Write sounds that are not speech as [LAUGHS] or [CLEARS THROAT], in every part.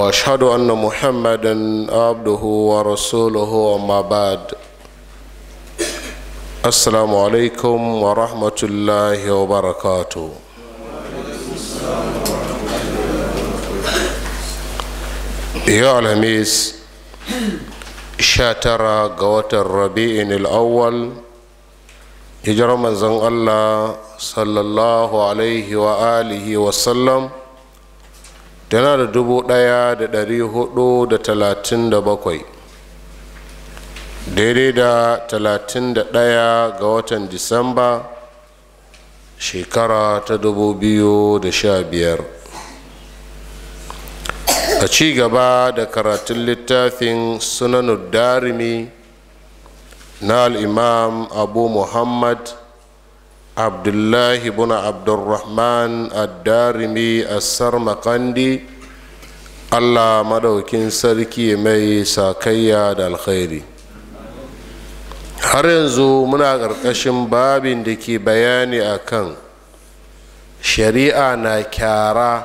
واشهد ان محمدا عبده ورسوله وما بعد السلام عليكم ورحمه الله وبركاته يا الهميس شاترا قوات الربيع الاول hijirar manzon Allah sallallahu alaihi wa alihi wasallam tana da dubu ɗaya da ɗari hudu da talatin da bakwai daidai da talatin da ɗaya ga watan disamba shekara ta dubu biyu da sha biyar a ci gaba da karatun littafin sunanud darimi na al'imam abu muhammad عبد الله بن عبد الرحمن الدارمي السرمقندي الله مدوكين سركي مي ساكيا الخيري har yanzu muna ƙarƙashin babin da ke bayani akan shari'a na kyara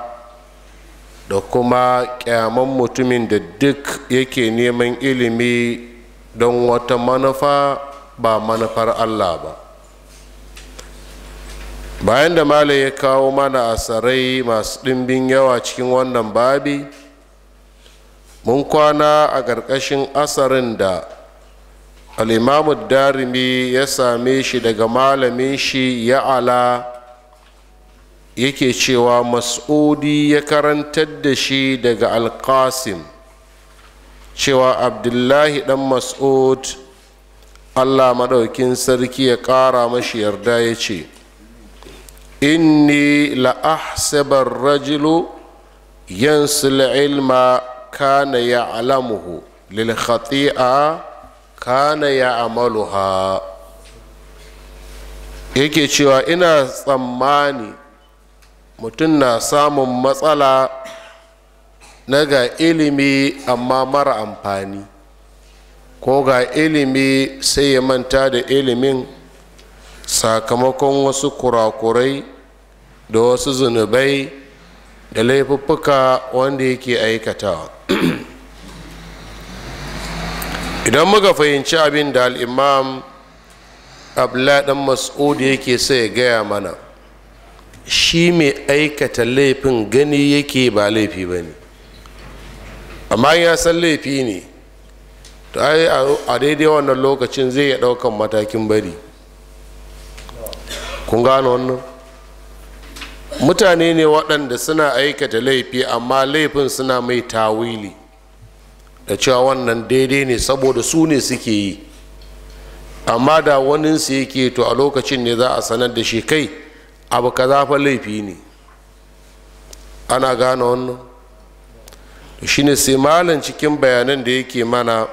da kuma ƙyaman mutumin da duk yake neman ilimi don wata manufa ba manufar allah ba bayan da malam ya kawo mana asarai masu ɗimbin yawa cikin wannan babi mun kwana a ƙarƙashin asarin da al'imamu darimi ya same shi daga malamin shi ya ala yake cewa mas'udi ya karantar da shi daga alƙasim cewa abdullahi ɗan mas'ud allah maɗaukin sarki ya ƙara mashi yarda ya ce inni ahsabar rajulu yansil ilma kana ya'lamuhu lil khati'a kana amaluha yake cewa ina tsammani mutum na samun matsala na ga ilimi amma mara amfani ko ga ilimi sai ya manta da ilimin sakamakon wasu kurakurai da wasu zunubai da laifuffuka wanda yake aikatawa [CLEARS THROAT] idan muka fahimci abin da al'imam abladan mas'ud yake sai ya gaya mana shi mai aikata laifin gani yake ba laifi ba ne amma ya san laifi ne a daidai wannan lokacin zai ya ɗaukan matakin bari kun gano wannan mutane ne waɗanda suna aikata laifi amma laifin suna mai tawili da cewa wannan daidai ne saboda su ne suke yi amma da waninsu yake to a lokacin ne za a sanar da shi kai abu ka fa laifi ne ana gane wannan ne sai malam cikin bayanan da yake mana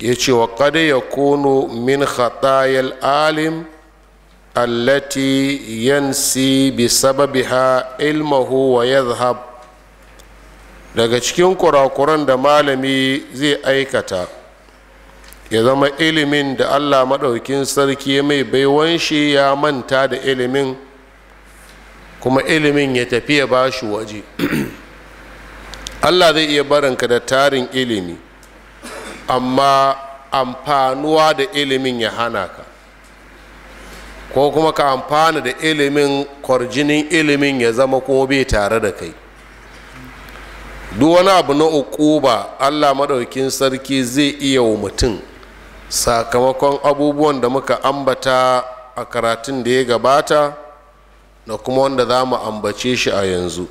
ya ce wa kada ya kono min khatayal alim التي ينسي بسببها علمه ويذهب daga cikin kurakuran da malami zai aikata ya zama ilimin da allah maɗaukin sarki mai baiwan shi ya manta da ilimin kuma ilimin ya tafi ya ba shi waje [CLEARS THROAT] allah zai iya barinka da tarin ilimi amma amfanuwa da ilimin ya hana ka ko kuma ka amfana da ilimin kwarjinin ilimin ya zama ko bai tare da kai duk wani abu na ba allah maɗaukin sarki zai iya wa mutum sakamakon abubuwan da muka ambata a karatun da ya gabata da kuma wanda za mu ambace shi a yanzu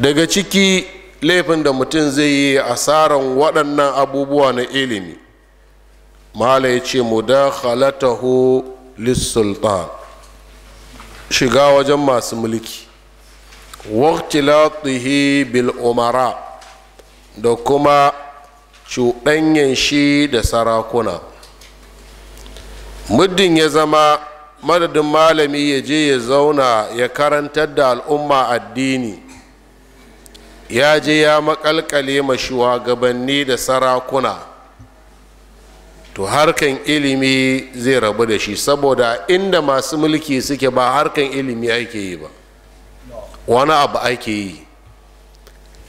daga ciki laifin da mutum zai yi asaran waɗannan abubuwa na ilimi mala ya ce mu da taho. lissultan shiga wajen masu mulki waktilatihi bil umara da kuma cuɗanyen shi da sarakuna muddin ya zama madadin malami ya je ya zauna ya karantar da al'umma addini ya je ya makalkale ma shugabanni da sarakuna to harkan ilimi zai rabu da shi saboda inda masu mulki suke ba harkan ilimi ake yi ba wani abu ake yi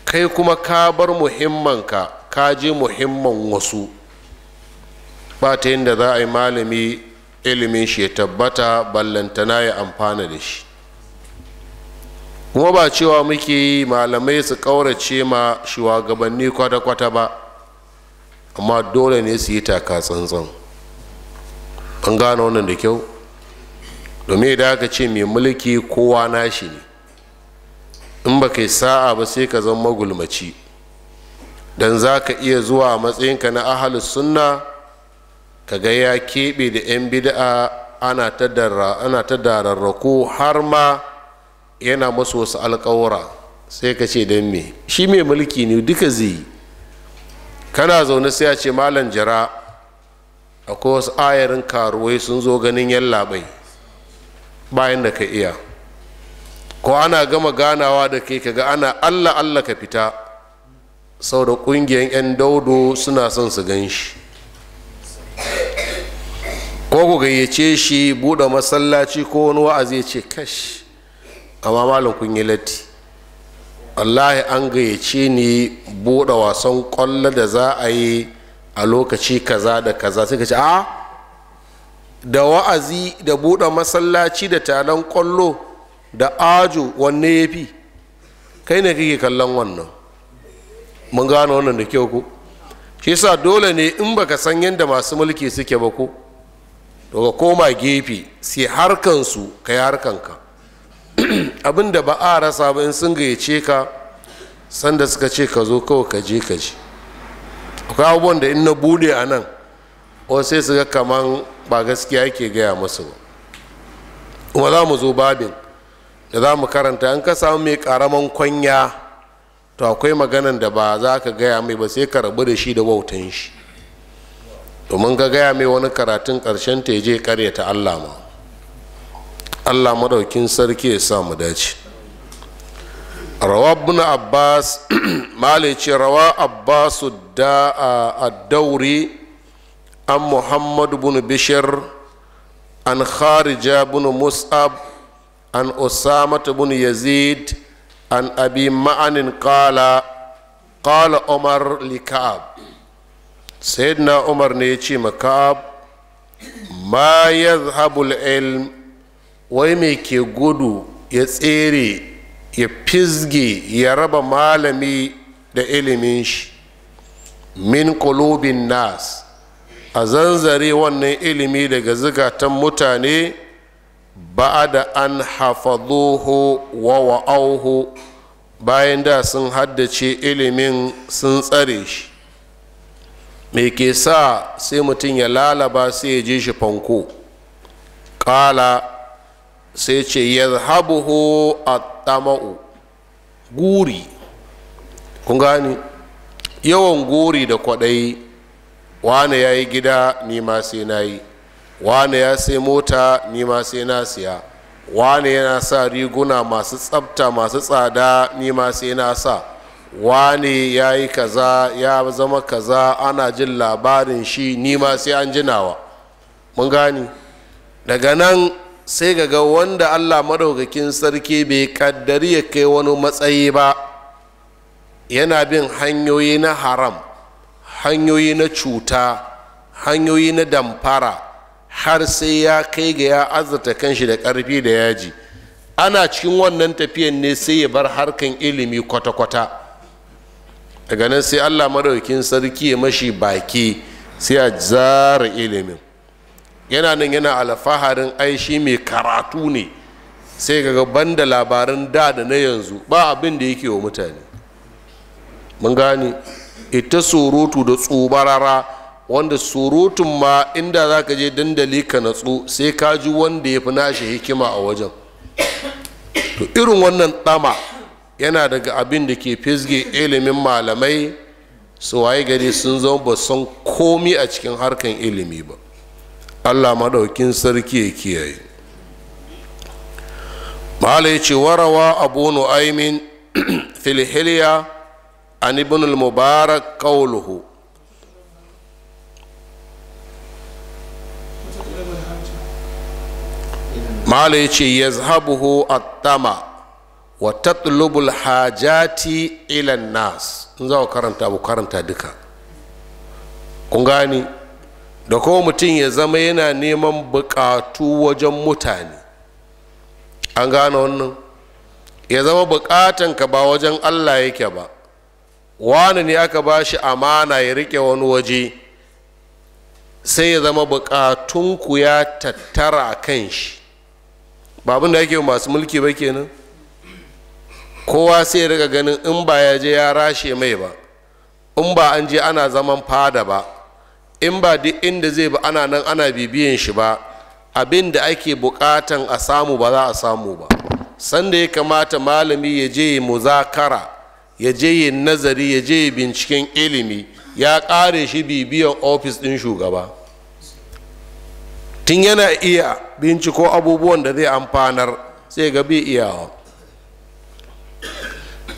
kai kuma ka bar muhimman ka ka je muhimman wasu ba ta yadda za a yi malami ilimin shi ya tabbata ballantana ya amfana da shi kuma ba cewa muke yi malamai su ƙaurace ma shugabanni kwata-kwata ba amma dole ne su yi taka tsantsan an gane wannan da kyau domin idan aka ce mai mulki kowa nashi ne in ba kai sa'a ba sai ka zama magulmaci don za ka iya zuwa matsayinka na ahalus sunna ka ga ya keɓe da 'yan bid'a ana ta dararrako har ma yana masu wasu alkawura sai ka ce don me shi mai mulki ne duka zai yi kana zaune sai a ce malam jira akwai wasu ayarin karuwai sun zo ganin yallaɓai bayan da ka iya ko ana gama ganawa da kai kaga ana allah allah ka fita sau da ƙungiyar 'yan daudo suna son su gan shi ko ku gayyace shi buɗe masallaci ko wani wa'azi ya ce kash amma malam kun yi latti wallahi an gayyace ni buɗe wasan ƙwallo da za a yi a lokaci kaza da kaza suka ce a da wa'azi da buɗe masallaci da talan ƙwallo da ajo wanne ya fi kai ne kake kallon wannan mun gane wannan da kyau ko shi sa dole ne in baka san yadda masu mulki suke ba ko to ka koma gefe sai harkansu ka yi harkanka [CLEARS THROAT] abin da ba a rasa ba in sun gayyace ka sanda suka ce ka zo kawai ka je ka ji akwai abubuwan da in na bude a nan wani sai su ga kaman ba gaskiya yake gaya musu ba kuma za mu zo babin da za mu karanta in ka samu mai karaman kwanya to akwai maganan da ba za ka gaya mai ba sai ka rabu da shi da wautan shi domin ka gaya mai wani karatun karshen ta je karyata allah ma allah madaukin sarki ya sa mu dace rawa ibn abbas [CLEARS THROAT] malice rawa abbasu da a dauri an muhammadu bin bishir an kharija bin mus'ab an usamatu bin yazid an abi ma'anin kala kala umar lika'ab sayyidina umar ne ya ce maka'ab ma yadhhabul ilm wai mai ke gudu ya tsere ya fizge ya raba malami da ilimin shi min kulubin nas a zanzare wannan ilimi daga zukatan mutane ba da an hafazuhu wa wa'auhu bayan da sun haddace ilimin sun tsare shi me ke sa sai mutum ya lalaba sai ya je shi fanko ƙala sai ce yadhabuhu at-tama'u guri kun gani yawan guri da kwaɗayi wane ya yi gida ni ma sai na yi wane ya sai mota ni ma sai na siya wane yana sa riguna masu tsabta masu tsada ni ma sai na sa wane ya yi kaza ya zama kaza ana jin labarin shi ni ma sai an jinawa mun gani daga nan sai ga wanda allah maɗaukakin sarki bai kaddari ya kai wani matsayi ba yana bin hanyoyi na haram hanyoyi na cuta hanyoyi na damfara har sai ya kai ga ya azurta kanshi da ƙarfi da yaji ana cikin wannan tafiyan ne sai ya bar harkan ilimi kwata-kwata daga nan sai allah maɗaukakin sarki ya mashi baki sai a zara ilimin yana nan yana alfaharin ai shi mai karatu ne sai ga da labaran da da na yanzu ba abin da yake wa mutane mun gane ita surutu da tsubarara wanda surutun ma inda za ka je dandali ka natsu sai ka ji wanda ya fi nashi hikima a wajen to irin wannan tsama yana daga abin da ke fizge ilimin malamai su waye gari sun zama ba san komi a cikin harkan ilimi ba allah maɗaukin sarki ya kiyaye malai ce warawa abu nu'aimin [CLEARS THROAT] filhiliya an ibn al-mubarak qawluhu malai ya ce ya zahabuhu attama wa tatlubul hajati ilan nas in za karanta abu karanta duka kun gani da kuma mutum ya zama yana neman bukatu wajen mutane an gane wannan ya zama bukatanka ba wajen allah yake ba wani ne aka ba shi amana ya rike wani waje sai ya zama bukatunku ya tattara a kan shi babin da yake masu mulki ba kenan kowa sai ya ganin in ba ya je ya rashe mai ba in ba an je ana zaman fada ba in ba duk inda zai ba ana nan ana bibiyan shi ba abin da ake bukatan a samu ba za a samu ba sanda ya kamata malami ya je muzakara ya je nazari ya je binciken ilimi ya ƙare shi bibiyan ofis ɗin shugaba tun yana iya binciko abubuwan da zai amfanar sai ga bi iyawa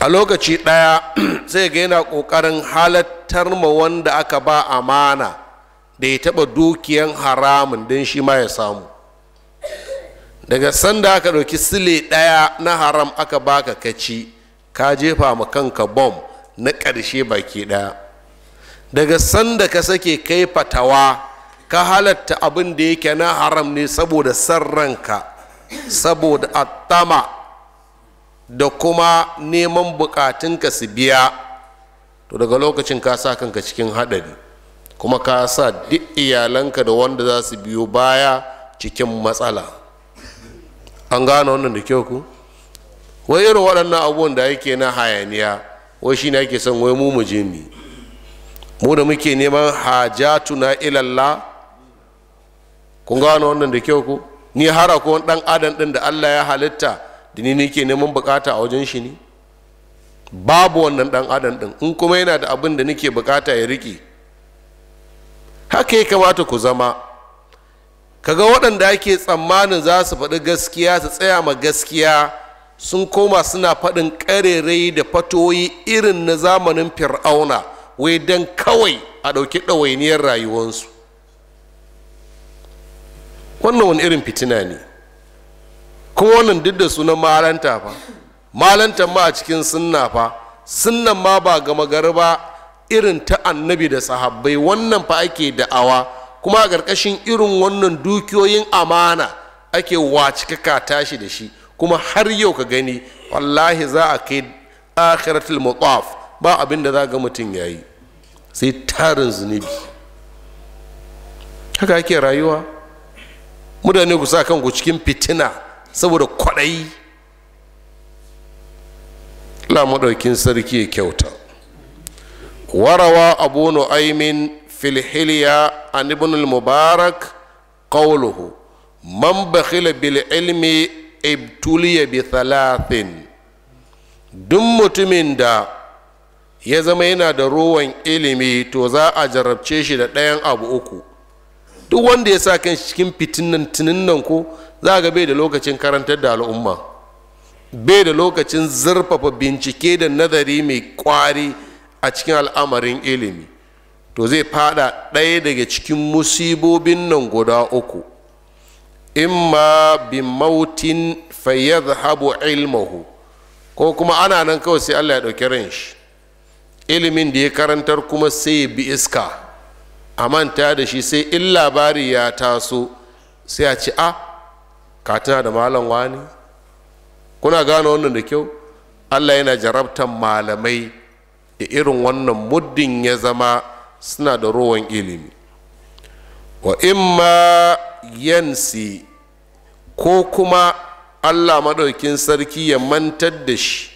a lokaci ɗaya [CLEARS THROAT] sai ga yana ƙoƙarin halattar ma wanda aka ba amana da ya taɓa dukiyan haramun don shi ma ya samu daga sanda aka ɗauki sile ɗaya na haram aka baka kaci ka jefa ma kanka bom na ƙarshe baki ɗaya daga sanda ka sake kai fatawa ka halatta abin da yake na haram ne saboda san saboda attama da kuma neman bukatunka su biya to daga lokacin ka sa kanka cikin haɗari kuma ka sa duk iyalanka da wanda za su biyo baya cikin matsala an gane wannan da kyau ku wai irin waɗannan abubuwan da yake na hayaniya wai shi ne ake son wai mu muje mi mu da muke neman na ilalla. kun gane wannan da kyau ku ni har akwai ɗan adam ɗin da allah ya halitta da ni nake neman bukata a wajen shi ne babu wannan ɗan adam ɗin in kuma yana da abin da nake bukata ya riƙe haka ya kamata ku zama kaga waɗanda ake tsammanin za su faɗi gaskiya su tsaya ma gaskiya sun koma suna faɗin ƙarerai da fatoyi irin na zamanin fir'auna wai don kawai a ɗauki ɗawainiyar rayuwarsu wannan wani irin fitina ne kuma wannan duk da sunan malanta fa malantan ma a cikin sunna fa sunnan ma ba gama gari ba irin ta annabi da sahabbai wannan fa ake da'awa kuma a ƙarƙashin irin wannan dukiyoyin amana ake wacikaka tashi da shi kuma har yau ka gani wallahi za a kai akhiratul mutaf ba abin da za ga mutum ya yi sai tarin zunubi haka ake rayuwa mutane ku sa kanku cikin fitina saboda kwaɗayi la maɗaukin sarki ya kyauta warawa abu nu'aymin fil hilya an ibn mubarak qawluhu man bakhila bil ilmi ibtuliya bi duk mutumin da ya zama yana da ruwan ilimi to za a jarabce shi da ɗayan abu uku duk wanda ya sa kan cikin fitinan tuninnan ko za ga bai da lokacin karantar da al'umma bai da lokacin zurfafa bincike da nazari mai ƙwari. a cikin al'amarin ilimi to zai fada ɗaya daga cikin musibobin nan guda uku imma bi mautin habu ilmahu ko kuma ana nan kawai sai allah ya ɗauki ran shi ilimin da ya karantar kuma sai bi iska a manta da shi sai in labari ya taso sai a ci a ah, katina da malam wani kuna gane wannan da kyau allah yana jarabtan malamai da irin wannan muddin ya zama suna da rowan ilimi wa imma yansi ko kuma allah maɗaukin sarki ya mantar da shi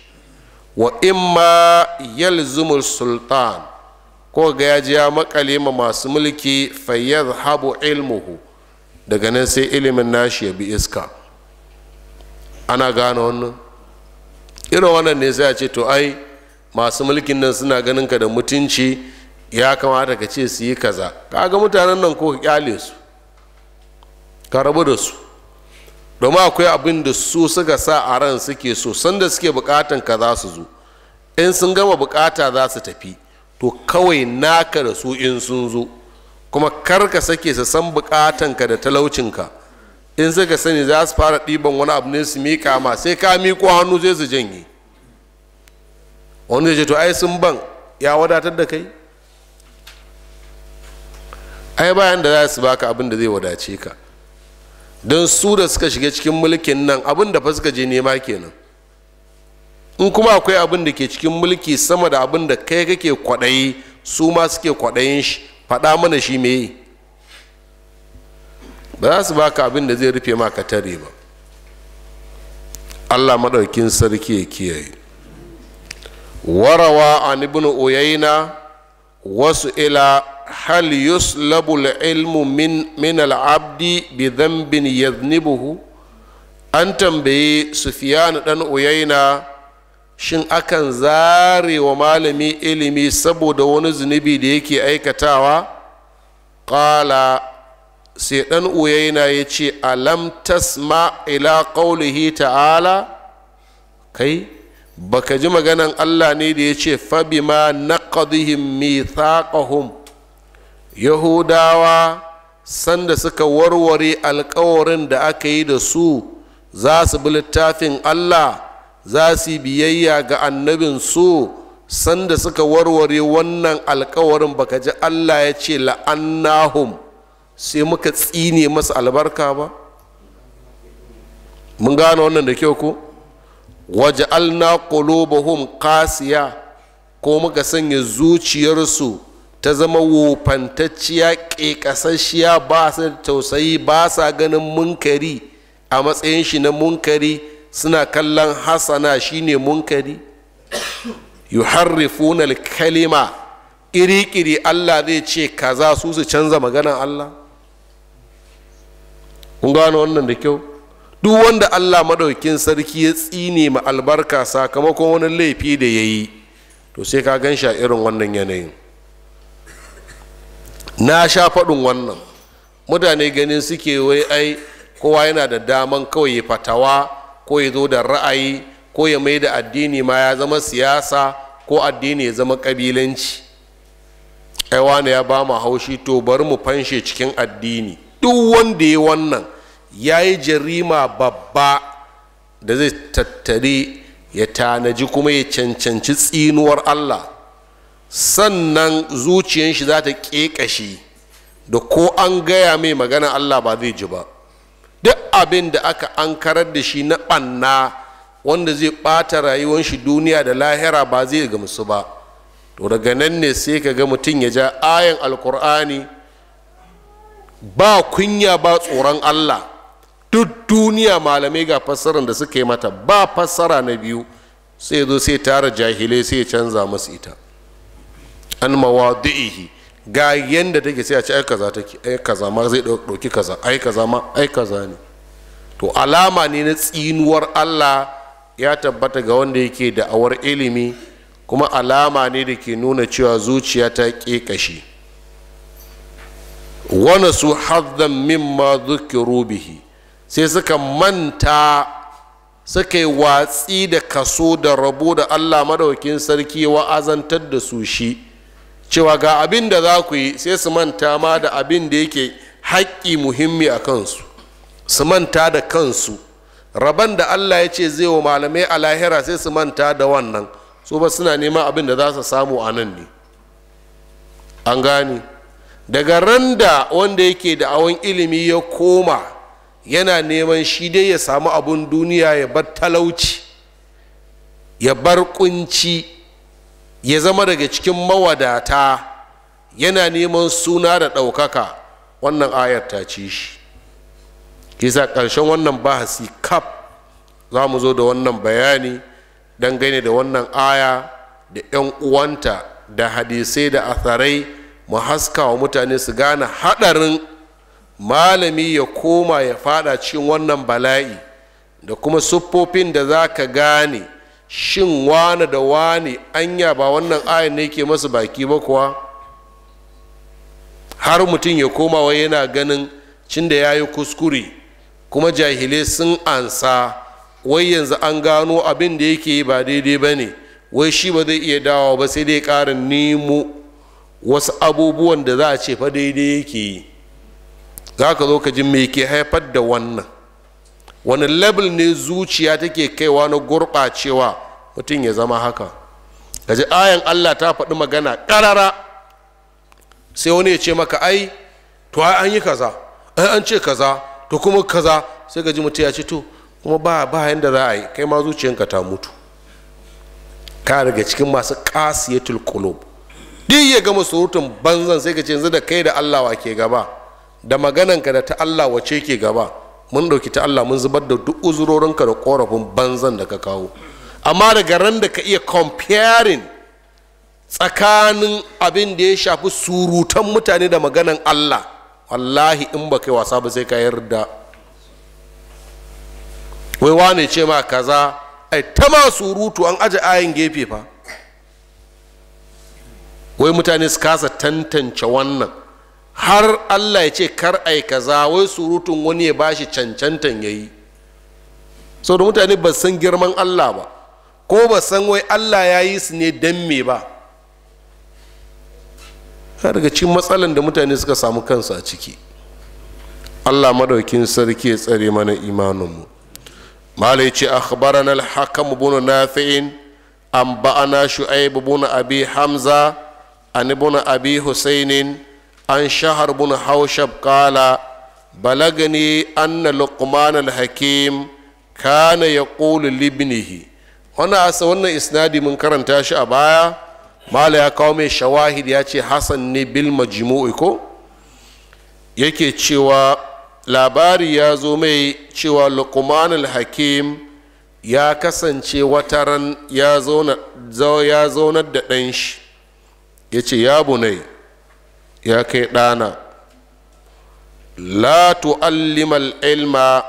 wa imma yalzumul sultan ko ga ya ji ya makale ma masu mulki fayyar habu ilmuhu daga nan sai ilimin nashi ya bi iska ana gane wannan irin wannan ne sai a ce to ai masu mulkin nan suna ganin ka da mutunci ya kamata ka ce su yi kaza kaga mutanen nan ko ka kyale su ka rabu da su domin akwai abin da su suka sa a ran suke so sanda suke bukatan ka za su zo in sun gama bukata za su tafi to kawai naka da su in sun zo kuma kar ka sake su san bukatan ka da talaucinka in suka sani za su fara ɗiban wani abu ne su miƙa ma sai ka miƙo hannu sai su janye wanda ce to ai sun ban ya wadatar da kai ai bayan da za su baka abin da zai wadace ka don su da suka shiga cikin mulkin nan abin da fa suka je nema kenan in kuma akwai abin da ke cikin mulki sama da abin da kai kake kwaɗayi su ma suke kwaɗayin shi faɗa mana shi me ba za su baka abin da zai rufe maka tare ba allah maɗaukin sarki ya kiyaye warawa an ibn uyayna wasu ila hal yuslabu ilmu min, min al'abdi bi zambin yaznibuhu an tambayi sufiyan dan uyayna shin akan zare wa malami ilimi saboda wani zunubi da yake aikatawa ƙala sai ɗan uyaina ya ce alam tasma ila ƙaulihi ta'ala kai baka ji maganan allah ne da ya ce fabima naqadihim mithaqahum yahudawa sanda suka warware alkawarin da aka yi da su za su bi littafin allah za su biyayya ga annabin su sanda suka warware wannan alkawarin baka ji allah ya ce la'annahum sai muka tsine masa albarka ba mun gane wannan da kyau ko waj'alna qulubuhum qasiya ko muka sanya zuciyarsu ta zama wofantacciya ƙeƙasasshiya ba su da tausayi ba sa ganin munkari a matsayin shi na munkari suna kallon hasana shine munkari yuharrifuna kalima ƙiriƙiri allah zai ce kaza su su canza maganan allah kun gano wannan da kyau duk wanda allah maɗaukin sarki ya tsine ma albarka sakamakon wani laifi da ya yi to sai ka gan sha irin wannan yanayin na sha faɗin wannan mutane ganin suke wai ai kowa yana da daman kawai ya fatawa ko ya zo da ra'ayi ko ya mai da addini ma ya zama siyasa ko addini ya zama ƙabilanci ai wani ya ba mu haushi to bari mu fanshe cikin addini duk wanda ya wannan ya yi jarima babba da zai tattare ya tanaji kuma ya cancanci tsinuwar allah sannan zuciyar shi za ta ƙeƙashi da ko an gaya mai magana allah ba zai ji ba duk abin da aka ankarar da shi na ɓanna wanda zai ɓata rayuwar shi duniya da lahira ba zai gamsu ba to daga nan ne sai ka ga mutum ya ja ayan alkur'ani ba kunya ba tsoron allah duk duniya malamai ga fassarar da suka yi mata ba fassara na biyu sai zo sai tara jahilai sai canza masu ita an mawadi'ihi ga yadda take sai a ci za ta ke aika kaza ma zai dauki kaza aika kaza ma aika kaza ne to alama ne na tsinuwar Allah ya tabbata ga wanda yake da awar ilimi kuma alama ne da ke nuna cewa zuciya ta kashi wani su haddan mimma zukiru rubihi sai suka manta suka yi watsi da kaso da rabo da allah madaukin sarki wa'azantar da su shi cewa ga abin da za ku yi sai su manta ma da abin da yake haƙƙi muhimmi a kansu su manta da kansu rabon da allah ya ce zai wa malamai a lahira sai su manta da wannan su ba suna neman abin da za su samu a nan ne an gane daga randa wanda yake da awon ilimi ya koma yana neman shi dai ya samu abun duniya ya bar talauci ya bar kunci ya zama daga cikin mawadata yana neman suna da ɗaukaka wannan ayar ta ci shi kisa ƙarshen wannan bahasi kaf za mu zo da wannan bayani dangane da wannan aya da 'yan uwanta da hadisai da atharai mu haska wa mutane su gane haɗarin malami ya koma ya fada cikin wannan bala'i da kuma siffofin da za ka gane shin wane da wane anya ba wannan ayin ne ke masu baki ba kuwa har mutum ya koma wa yana ganin cin da ya yi kuskure kuma jahilai sun ansa wai yanzu an gano abin da yake yi ba daidai ba ne wai shi ba zai iya dawo ba sai dai karin nemo wasu abubuwan da za a ce fa daidai yake yi za ka zo ka ji me ke haifar da wannan wani level ne zuciya take kaiwa na gurɓacewa mutum ya zama haka ka ji ayan allah ta faɗi magana ƙarara sai wani ya ce maka ai to ai an yi kaza ai an ce kaza to kuma kaza sai ka ji mutum ya ce to kuma ba ba yanda za a yi kai ma zuciyanka ta mutu ka daga cikin masu kasiyatul qulub duk ya gama surutun banzan sai ka ce yanzu da kai da Allah wa ke gaba da magananka da ta Allah wace ke gaba mun ɗauki ta Allah mun zubar da duk uzurorinka da ƙorafin banzan da ka kawo amma daga ran da ka iya comparing tsakanin abin da ya shafi surutan mutane da maganan Allah wallahi in ba kai wasa ba sai ka yarda wai wane ce ma kaza ai ta ma surutu an aje ayin gefe fa wai mutane su kasa tantance wannan har allah ya ce kar ai kaza wai surutun wani ya bashi cancantan ya yi da mutane ba san girman allah ba ko ba san wai allah ya yi su ne don me ba har daga cikin matsalan da mutane suka samu kansu a ciki allah madaukin sarki ya tsare mana imaninmu malai ce akhbarana al-hakam bin nafi'in an ba'ana shu'aib bin abi hamza an ibn abi husainin an shahar bin haushab kala balagani anna luqman al-hakim kana yaqulu libnihi wannan asa wannan isnadi mun karanta shi a baya mala ya kawo mai shawahid ya ce hasan ne bil majmu'i ko yake cewa labari ya zo mai cewa luqman hakim ya kasance wata ran ya zaunar da ɗanshi ya ce ya bunai ya kai ɗana la tu'allimal ilma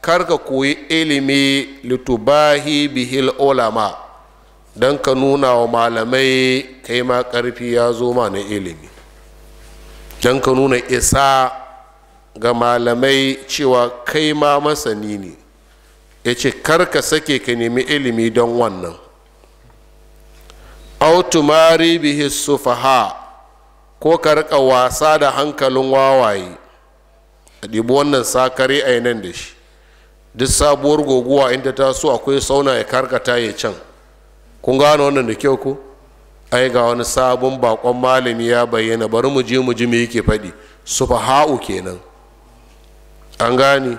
kar ka koyi ilimi litubahi bihil ulama don ka nuna wa malamai kai ma ƙarfi ya zo ma na ilimi don ka nuna isa ga malamai cewa kai ma masani ne ya ce ka sake ka nemi ilimi don wannan autumari bihi sufaha ko ka rika wasa da hankalin wawaye a ɗibi wannan sakare a nan da shi duk sabuwar goguwa inda ta so akwai sauna ya karkata ya can kun gano wannan da kyau ko ai ga wani sabon bakon malami ya bayyana bari mu je mu ji me yake faɗi su sufaha'u kenan an gane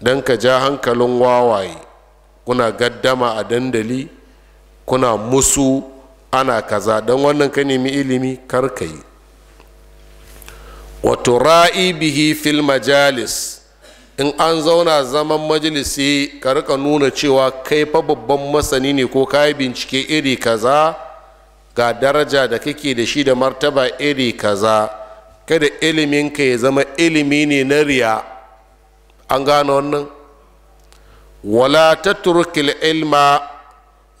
don ka ja hankalin wawaye kuna gaddama a dandali kuna musu ana kaza don wannan ka nemi ilimi karkai wato ra'i bihi fil majalis in an zauna zaman majalisi ka rika nuna cewa kai fa babban masani ne ko ka bincike iri kaza ga daraja da kake da shi da martaba iri kaza kada ka ya zama ilimi ne na riya an gano wannan wala tatrukil ilma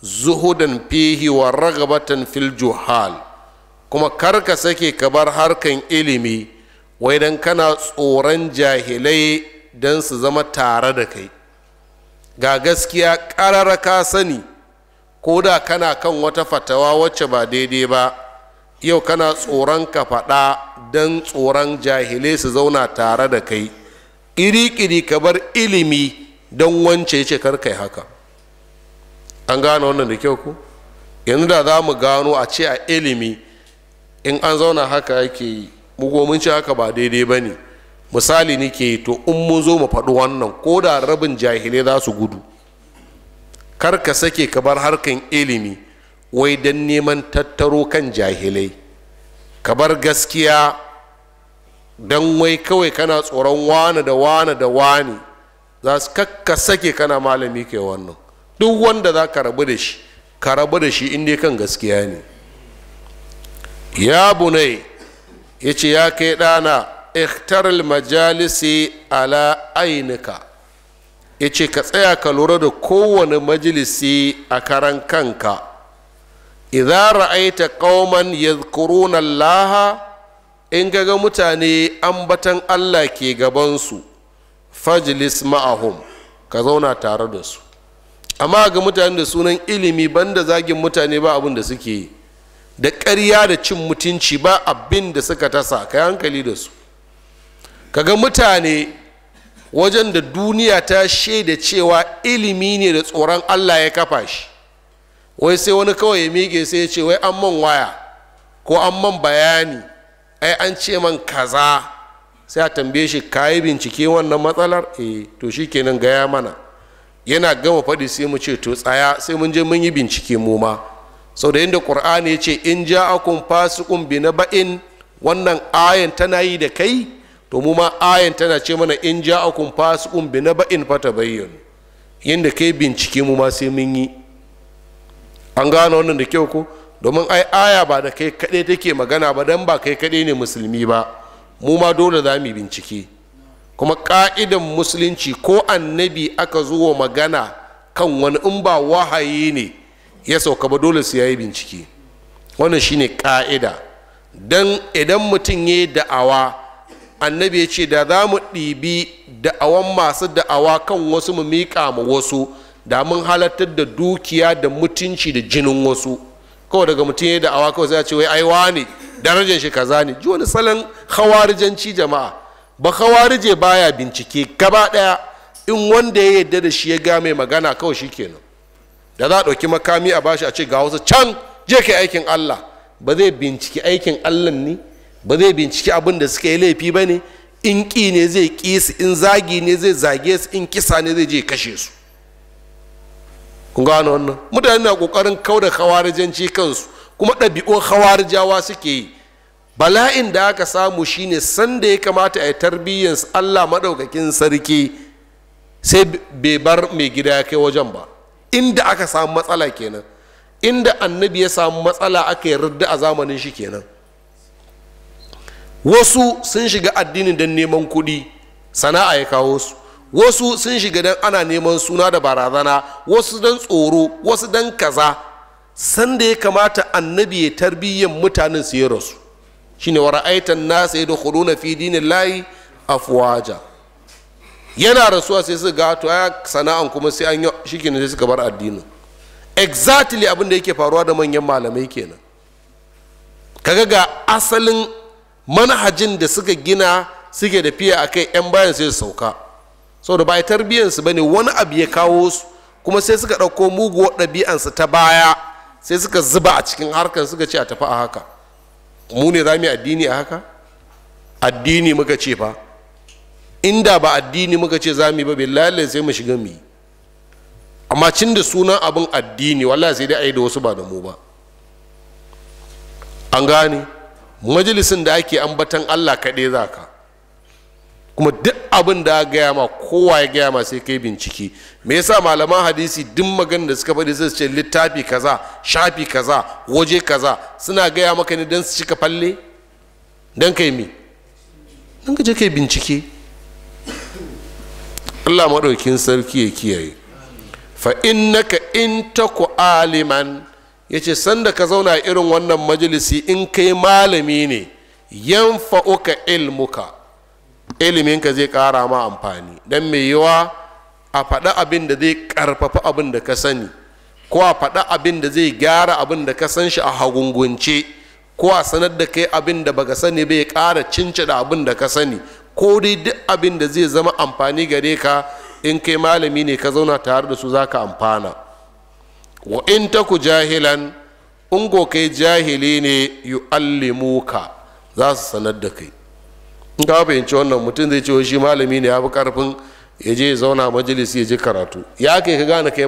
zuhudan fihi wa ragabatan fil juhal kuma karka sake ka bar harkan ilimi wai don kana tsoron jahilai don su zama tare da kai ga gaskiya ƙarar ka sani ko da kana kan wata fatawa wacce ba daidai ba yau kana tsoron ka faɗa don tsoron jahilai su zauna tare da kai iri-iri ka bar ilimi don wance ce karkai haka an gano wannan da kyau ku yanzu da za mu gano a ce a ilimi in an zauna haka ake yi mu mun ce haka ba daidai ba ne misali nike yi to in mun zo mu faɗi wannan ko da rabin jahilai za su gudu kar ka sake ka bar harkan ilimi wai don neman tattaro kan jahilai ka bar gaskiya don wai kawai kana tsoron wane da wane da wane za su kakka sake kana malami kai wannan duk wanda za ka rabu da shi ka rabu da shi inda kan gaskiya ne ya bunai ya ce ya kai ɗana ikhtaril majalisi ala ainika ya ce ka tsaya ka lura da kowane majalisi a karan kanka idan ra'aita ya yadhkuruna laha in gaga mutane ambatan Allah ke gabansu fajlis ma'ahum ka zauna tare da su amma ga mutane da sunan ilimi banda zagin mutane ba abin da suke yi da ƙarya da cin mutunci ba abin da suka tasa ka hankali da su kaga mutane wajen da duniya ta shaida cewa ilimi ne da tsoron allah ya kafa shi wai sai wani kawai ya miƙe sai ya ce wai an man waya ko an man bayani ai an ce man kaza sai a tambaye shi ka yi bincike wannan matsalar e to shi kenan gaya mana yana gama faɗi sai mu ce to tsaya sai mun je mun yi bincike mu ma sau da yadda qur'ani ya ce in ja'akum fasiqun bi naba'in wannan ayan tana yi da kai to mu ma ayan tana ce mana in ja'akum fasiqun bi naba'in fatabayyan yadda kai bincike mu ma sai mun yi an gane wannan da kyau ko domin ai aya ba da kai kaɗai take magana ba dan ba kai kaɗai ne musulmi ba mu ma dole za mu bincike kuma ka'idan musulunci ko annabi aka zo magana kan wani in ba wahayi ne ya sauka ba dole su yayi bincike wannan shine ka'ida dan idan mutum ya da'awa annabi ya ce da za mu ɗibi da'awan masu da'awa kan wasu mu miƙa mu wasu da mun halartar da dukiya da mutunci da jinin wasu kawai daga mutum ya da'awa kawai sai a ce wai ai ne darajar shi kaza ne ji wani salon hawarijanci jama'a ba hawarije baya bincike gaba ɗaya in wanda ya yarda da shi ya ga mai magana kawai shi kenan da za a ɗauki makami a bashi a ce ga wasu can je ka aikin allah ba zai binciki aikin allah ne ba zai binciki abin da suka yi laifi ba ne in ƙi ne zai ƙi su in zagi ne zai zage su in kisa ne zai je kashe su kun gano wannan mutane na ƙoƙarin kau da hawarijanci kansu kuma ɗabi'un hawarijawa suke yi bala'in da aka samu shine sanda ya kamata a yi tarbiyyar allah maɗaukakin sarki sai bai bar mai gida ya kai wajen ba inda aka samu matsala kenan inda annabi ya samu matsala aka yarda a zamanin shi kenan wasu sun shiga addinin don neman kuɗi sana'a ya kawo su wasu sun shiga don ana neman suna da barazana wasu don tsoro wasu don kaza sanda ya kamata annabi ya tarbiyyar mutanen su ya rasu shine wa ra'aitan nasa yadkhuluna fi a afwaja yana rasuwa sai su ga ya sana'an kuma sai an yi shikin sai suka bar addinin exactly abin da yake faruwa da manyan malamai kenan kaga ga asalin manhajin da suka gina suke da fiye a kai 'yan bayan sai su sauka saboda ba tarbiyyansu ba ne wani abu ya kawo su kuma sai suka ɗauko muguwar ɗabi'ansu ta baya sai suka zuba a cikin harkar suka ce a tafi a haka mu ne za mu addini a haka addini muka ce fa inda ba addini muka ce za mu yi ba billahi sai mu shiga mu yi amma cin da sunan abin addini wallahi sai dai a yi da wasu ba da mu ba an gane majalisin da ake ambatan allah kaɗai za ka kuma duk abin da gaya ma kowa ya gaya ma sai kai bincike me yasa malaman hadisi duk magana da suka faɗi sai su ce littafi kaza shafi kaza waje kaza suna gaya maka ne don su cika falle don kai me don ka je kai bincike allah maɗaukin sarki ya kiyaye fa innaka in taku aliman ya ce sanda ka zauna irin wannan majalisi in kai malami ne yan fa'uka ilmuka iliminka zai ƙara ma amfani dan mai yawa a faɗa abin da zai ƙarfafa abin da ka sani ko a faɗa abin da zai gyara abin da ka san shi a hagungunce ko a sanar da kai abin da baka sani bai ƙara cince da abin da ka sani ko dai duk abin da zai zama amfani gare ka in kai malami ne ka zauna tare da su za ka amfana wa in ta ku jahilan ungo kai jahili ne allimuka za su sanar da kai in ka fahimci wannan mutum zai ce shi malami ne ya fi karfin ya je zauna majalisi ya ji karatu ya kai ka gane kai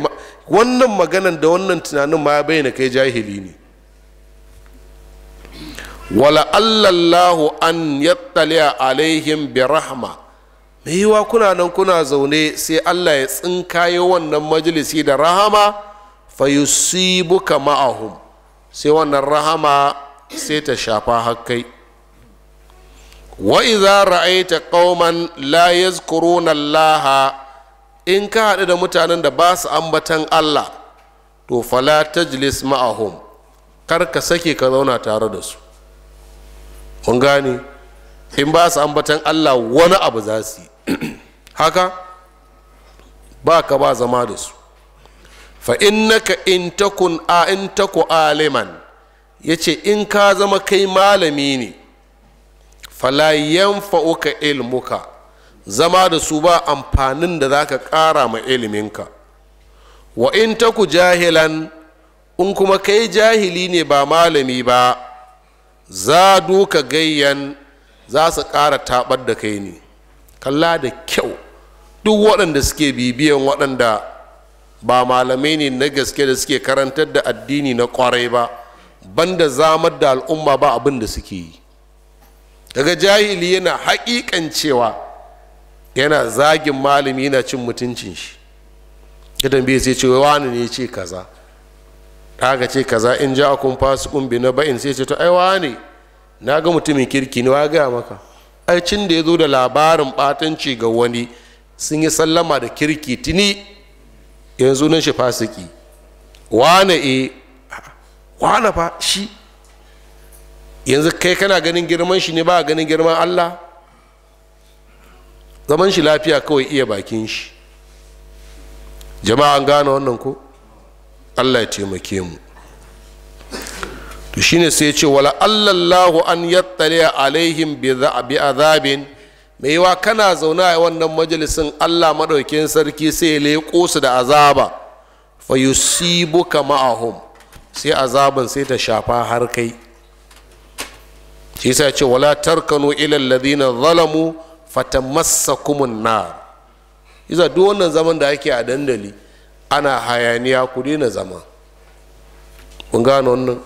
wannan maganan da wannan tunanin ma ya bayyana kai jahili ne wala allallahu an yattaliya alaihim bi rahma mai kuna nan kuna zaune sai allah ya tsinkaye wannan majalisi da rahama fa yusibuka ma'ahum sai wannan rahama sai ta shafa hakkai wa iza ra'aita qauman la yazkuruna in ka haɗu da mutanen da ba su ambatan allah to fala tajlis ma'ahum kar ka sake ka zauna tare da su kun gane in ba su ambatan allah wani abu za su yi haka ba ka ba zama da su fa in takun a in taku aliman ya ce in ka zama kai malami ne falayen fa'uka ilmuka zama da su ba amfanin da za ka ƙara ma iliminka wa in taku jahilan in kuma kai jahili ne ba malami ba zadu ka gayyan za su ƙara taɓar da kai ne kalla da kyau duk waɗanda suke bibiyan waɗanda ba malamai ne na gaske da suke karantar da addini na ƙwarai ba banda zamar da al'umma ba abin da suke yi daga jahili yana haƙiƙan cewa yana zagin malami yana cin mutuncin shi gidan bai sai ce wani ne ce kaza aka ce kaza in ja kun fasu kumbi na ba'in sai ce to ai ne na ga mutumin kirki ne wa gaya maka ai cin da ya zo da labarin batanci ga wani sun yi sallama da kirki tuni yanzu nan shi fasiki wane e wane fa shi yanzu kai kana ganin girman shi ne ba ganin girman allah zaman shi lafiya kawai iya bakin shi jama'a an gane wannan ko allah ya taimake mu to shine sai ya ce wala allallahu an yattali alaihim bi azabin mai yiwa kana zaune a wannan majalisin allah maɗaukin sarki sai ya leƙo su da azaba fa yusibuka ma'ahum sai azaban sai ta shafa har kai shi ya ce wala tarkanu ila alladhina zalamu fatamassakumun nar yasa duk wannan zaman da ake a dandali ana hayaniya ku daina zama kun gano wannan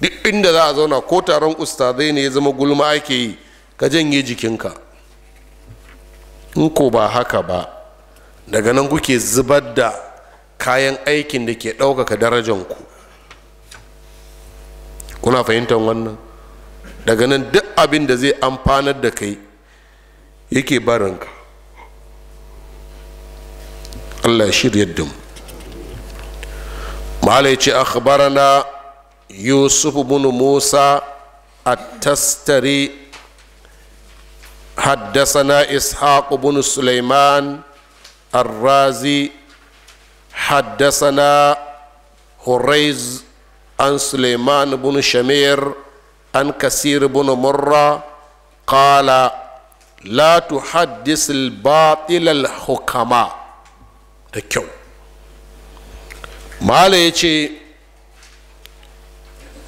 duk inda za a zauna ko taron ustazai ne ya zama gulma ake yi ka janye jikinka in ko ba haka ba daga nan kuke zubar da kayan aikin da ke ɗaukaka darajanku kuna fahimtar wannan daga nan duk abin da zai amfanar da kai yake barinka allah shirya mu malai ce akhbarana yusuf bin musa التستري حدثنا إسحاق بن سليمان الرازي حدثنا هريز عن سليمان بن شمير عن كثير بن مرة قال لا تحدث الباطل الحكماء تكون mahala ya ce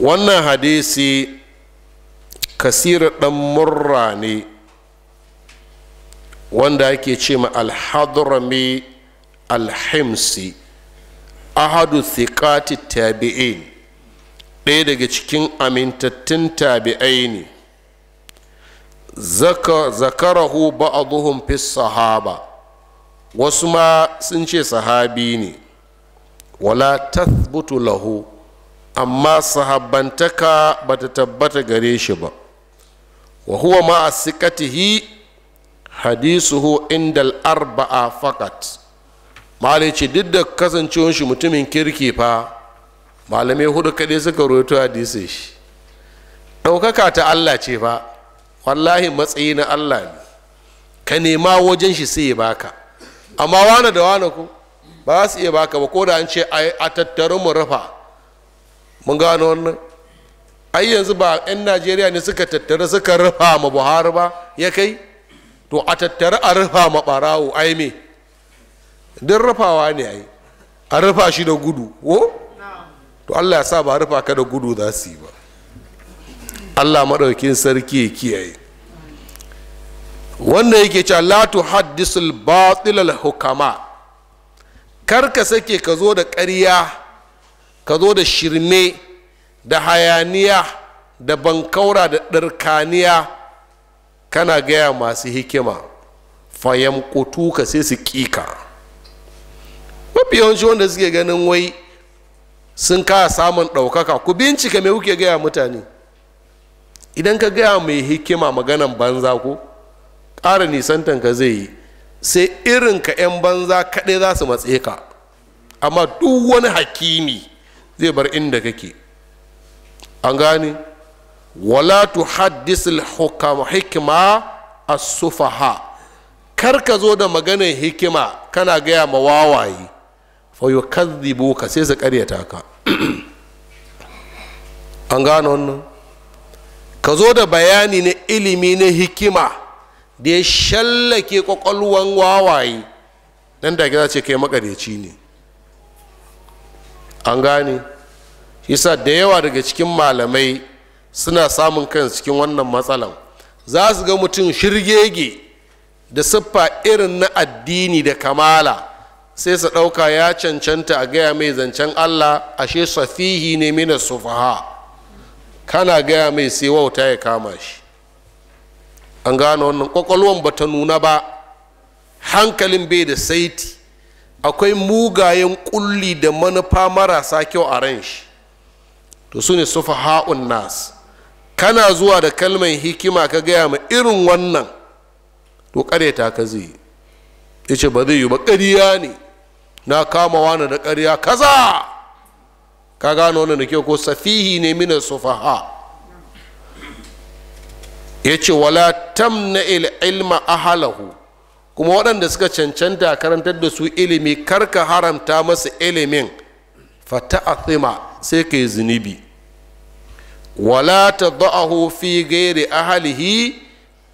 wannan hadisi kasira ɗan murra ne wanda ake ce ma alhadrami alhimsi ahadu thiqati tabi'in ɗaya daga cikin amintattun tabi'ai ne zakarahu ba'aduhum fi sahaba wasu ma sun ce sahabi ne wala tathbutu lahu amma sahabbantaka ba ta tabbata gare shi ba wa huwa ma a sikatihi hadisuhu inda arba'a fakat ce duk da kasancewar shi mutumin kirki fa malamai hudu kaɗai suka roto hadisai shi ɗaukaka ta allah ce ba wallahi matsayi na allah ne ka nema wajen shi sai ya baka amma wane da wane ku ba su iya baka ba ko da an ce a tattaru mu rufa mun gano wannan ai yanzu ba 'yan najeriya ne suka tattara suka rufa ma buhari ba ya kai to a tattara a rufa ma barawo ai me duk rufawa ne ai a rufa shi da gudu ko to allah ya sa ba rufa ka da gudu za su yi ba allah maɗaukin sarki ya kiyaye wanda yake cewa la tuhaddisul haddisul batilal hukama kar ka sake ka zo da ƙarya ka zo da shirme da hayaniya da bankaura da ɗarkaniya kana gaya masu hikima fayam ka sai su ƙika mafi yawanci wanda suke ganin wai sun kaya samun ɗaukaka ku bincika me kuke gaya mutane idan ka gaya mai hikima maganan banza ko ƙara nisantanka zai yi sai irin ka 'yan banza kaɗai za su matse ka amma duk wani hakimi zai bar inda kake an gane wala tu haddisul hikima as-sufaha kar ka zo da maganar hikima kana gaya ma wawaye fa yukadhibu ka sai su karyata ka an gane wannan ka zo da bayani na ilimi na hikima da ya shallake kwakwalwan wawaye nan da za ce kai makareci ne an gane sa da yawa daga cikin malamai suna samun kan cikin wannan matsalan za su ga mutum shirgege da siffa irin na addini da kamala sai su ɗauka ya cancanta a gaya mai zancen allah ashe safihi ne mina sufaha kana gaya mai sai wauta ya kama shi an gano wannan kwakwalwan ba ta nuna ba hankalin bai da saiti akwai mugayen kulli da manufa marasa kyau a ran shi to su ne sufa ha'un nas kana zuwa da kalmar hikima ka gaya ma irin wannan to ta ka zai ya ce ba zai yi ba ƙarya ne na kama wani da ƙarya kaza ka gano wannan da kyau ko safihi ne mina sufaha ya ce wala tamna il ilma ahalahu kuma waɗanda suka cancanta karantar da su ilimi karka haramta masa ilimin fata athima sai ka yi zunubi wala ta da'ahu fi gairi ahalihi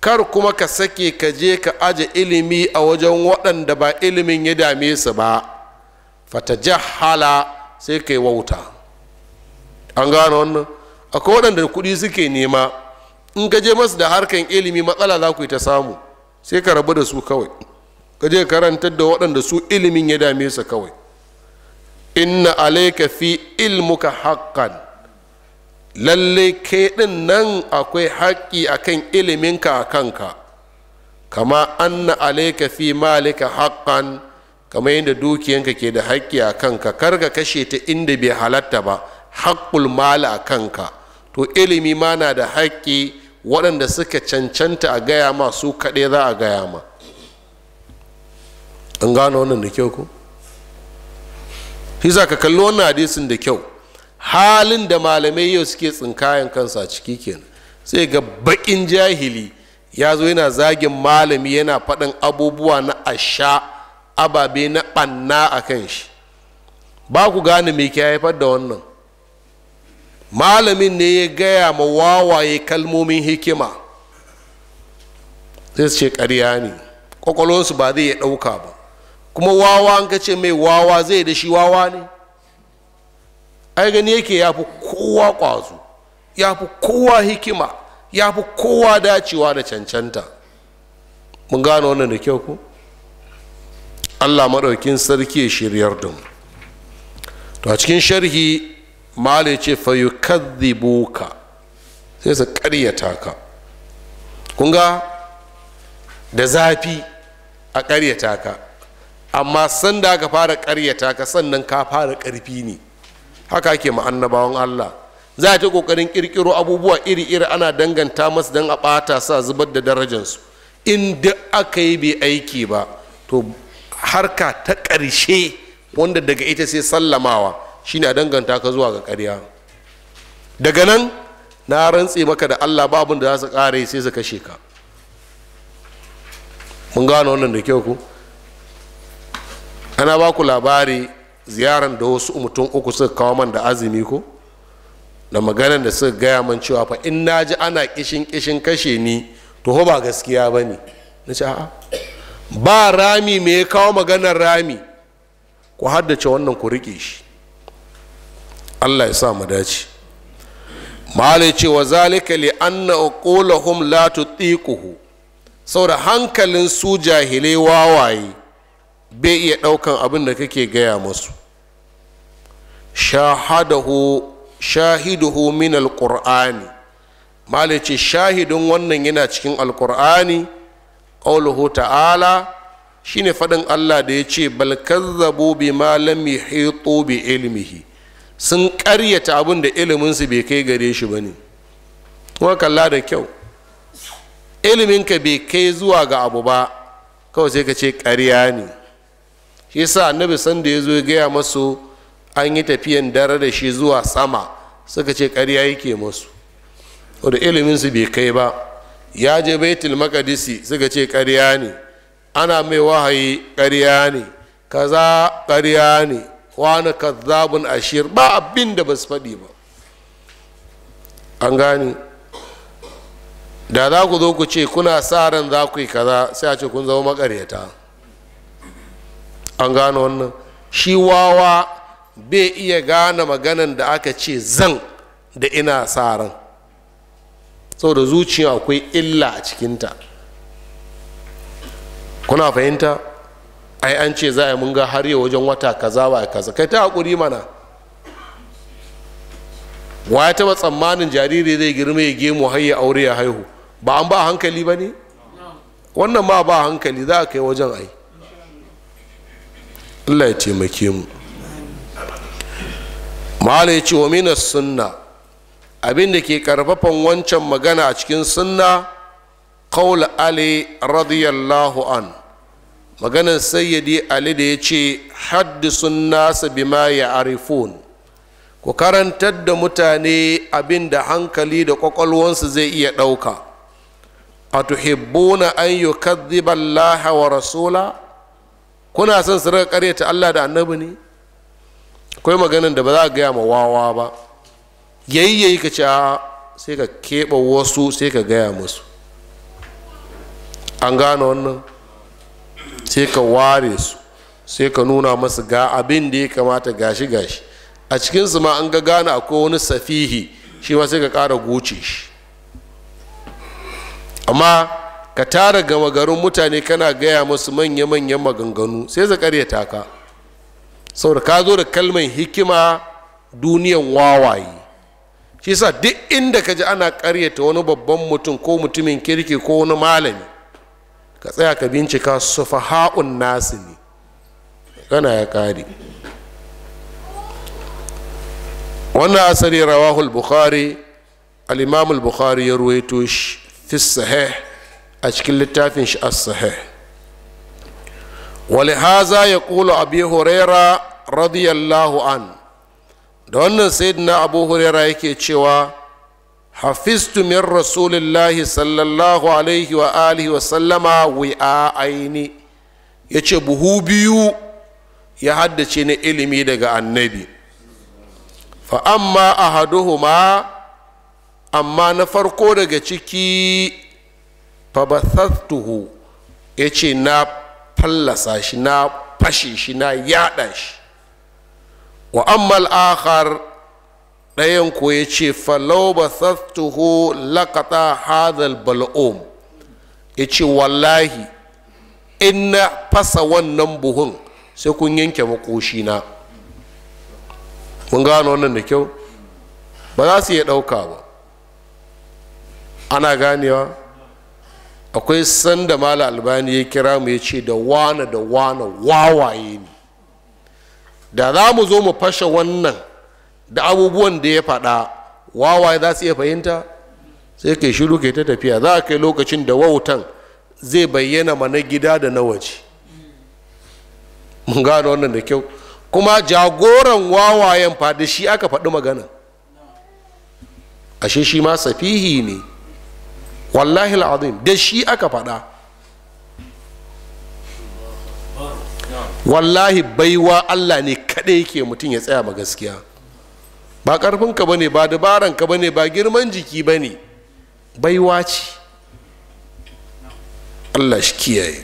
kar kuma ka sake ka je ka aje ilimi a wajen waɗanda ba ilimin ya dame su ba fata jahala sai ka yi wauta an gano wannan akwai waɗanda kuɗi suke nema in ka je masu da harkan ilimi matsala za ku yi ta samu sai ka rabu da su kawai ka karantar da waɗanda su ilimin ya dame su kawai inna alaika fi ilmuka haqqan lalle kai ɗin nan akwai haƙƙi akan iliminka a kanka kama anna alaika fi malika haqqan kamar yadda dukiyanka ke da haƙƙi a kanka kar ka kashe ta inda bai halatta ba haƙƙul mala a kanka to ilimi ma na da haƙƙi waɗanda suka cancanta a gaya ma su kaɗai za a gaya ma an gano wannan da kyau ko shi ka kalli wannan hadisin da kyau halin da malamai yau suke tsinkayen kansa ciki kenan sai ga baƙin jahili ya zo yana zagin malami yana faɗin abubuwa na asha ababe na ɓanna a kan shi ba ku gane mai ke haifar da wannan malamin ne ya gaya ma wawaye kalmomin hikima Zai ce ƙarya ne ƙwaƙwalonsu ba zai ya ɗauka ba kuma wawa an ka mai wawa zai da shi wawa ne ai gani yake ya fi kowa ƙwazo ya fi kowa hikima ya fi kowa dacewa da cancanta mun gano wannan da kyau ku allah maɗaukin sarki ya shiryar da mu to a cikin sharhi malai ce fa yukadhibuka sai su karyata ka kunga da zafi a karyata ka amma sanda ka fara karyata ka sannan ka fara karfi ne haka ake ma annabawan Allah za ta kokarin kirkiro abubuwa iri-iri ana danganta masu don a ɓata sa zubar da darajansu in duk aka yi bai aiki ba to harka ta ƙarshe wanda daga ita sai sallamawa shine a danganta ka zuwa ga ƙarya daga nan na rantse maka da allah babin da za su ƙare sai su kashe ka mun gano wannan da kyau ku ana ba ku labari ziyaran da wasu mutum uku suka kawo man da azumi ko da maganar da suka gaya man cewa fa in na ji ana kishin kishin kashe ni to ho ba gaskiya ba ne na ce a'a ba rami me ya kawo maganar rami ku haddace wannan ku riƙe shi allah ya sa mu dace malai ce wa zalika li anna uqulahum la tutiquhu saboda hankalin su jahilai wawaye bai iya ɗaukan abin da kake gaya musu shahadahu shahiduhu min alqur'ani malai ce shahidin wannan yana cikin alqur'ani qauluhu ta'ala shine faɗin Allah da ya ce bal kazzabu bima lam yuhitu bi ilmihi sun karyata abin da iliminsu bai kai gare shi ba ne kuma kalla da kyau iliminka bai kai zuwa ga abu ba kawai sai ka ce karya ne shi sa annabi da ya zo ya gaya masu an yi tafiyan dare da shi zuwa sama suka ce karya yake masu wadda iliminsu bai kai ba ya je baitul makadisi suka ce karya ne ana mai wahayi karya ne kaza karya ne wani kazzabun ashir ba abin da ba su faɗi ba an gane da za ku zo ku ce kuna sa ran za ku yi kaza sai a ce kun zama makaryata an gane wannan shi wawa bai iya gane maganan da aka ce zan da ina sa ran saboda zuciya akwai illa a cikinta kuna fahimta ai an ce za a mun ga har yau wajen wata kaza ba kaza kai ta hakuri mana wa ya taɓa tsammanin jariri zai girma ya gemu har ya aure ya haihu ba an ba hankali ba ne wannan ma ba hankali za a kai wajen ai allah ya taimake mu mahala ya ce wa minas sunna abin da ke karfafan wancan magana a cikin sunna qaul ali radiyallahu anhu. maganar sayyidi ali da ya ce haddisun nasa bima ya arifun ku karantar da mutane abin da hankali da kwakwalwansu zai iya ɗauka a tuhibbuna an yi kadziballaha wa rasula kuna son su rika ta allah da annabi ne akwai maganin da ba za a gaya ma wawa ba yayyayi ka ce sai ka keɓe wasu sai ka gaya musu an gane wannan sai ka ware su sai ka nuna masu ga abin da ya kamata gashi gashi a cikinsu ma an ga gane akwai wani safihi shi ma sai ka kara goce shi amma ka tara gama garin mutane kana gaya masu manya-manyan maganganu sai za karyata ka saboda ka zo da kalmar hikima duniyan wawaye shi sa duk inda ka ji ana karyata wani babban mutum ko mutumin kirki ko wani malami ka tsaya ka bincika sufaha'un nasu ne ya kare wannan asali rawahul bukhari alimamul bukhari ya ruwaito shi fi sahih a cikin littafin shi as-sahih ولهذا يقول أبي هريرة radiyallahu an da wannan sayyidina abu huraira yake cewa hafiztu min rasulillahi sallallahu alaihi wa alihi wa sallama wi'a aini ya ce buhu biyu ya haddace na ilimi daga annabi fa amma ahaduhuma amma na farko daga ciki fabathattuhu ya ce na fallasa shi na fashe shi na yada shi wa amma al'akhar ɗayan ko ya ce falau ba sastuhu lakata hadal bal'om ya ce wallahi in na fasa wannan buhun sai kun yanke makoshina mun gano wannan da kyau ba za su iya ɗauka ba ana ganewa akwai sanda mala albani ya kira mu ya ce da wana da wana wawaye ne da za mu zo mu fashe wannan da abubuwan da ya faɗa wawaye za su iya fahimta sai kai shiru ke ta tafiya za a kai lokacin da wautan zai bayyana mana gida da na waje mun gano wannan da kyau kuma jagoran wawayen faɗi shi aka faɗi magana ashe shi ma safihi ne wallahi al'adun, da shi aka faɗa wallahi baiwa allah ne kaɗai ke mutum ya tsaya ma gaskiya ba ƙarfinka ba ne ba dabaranka ba ne ba girman jiki ba ne baiwa ce allah shi kiyaye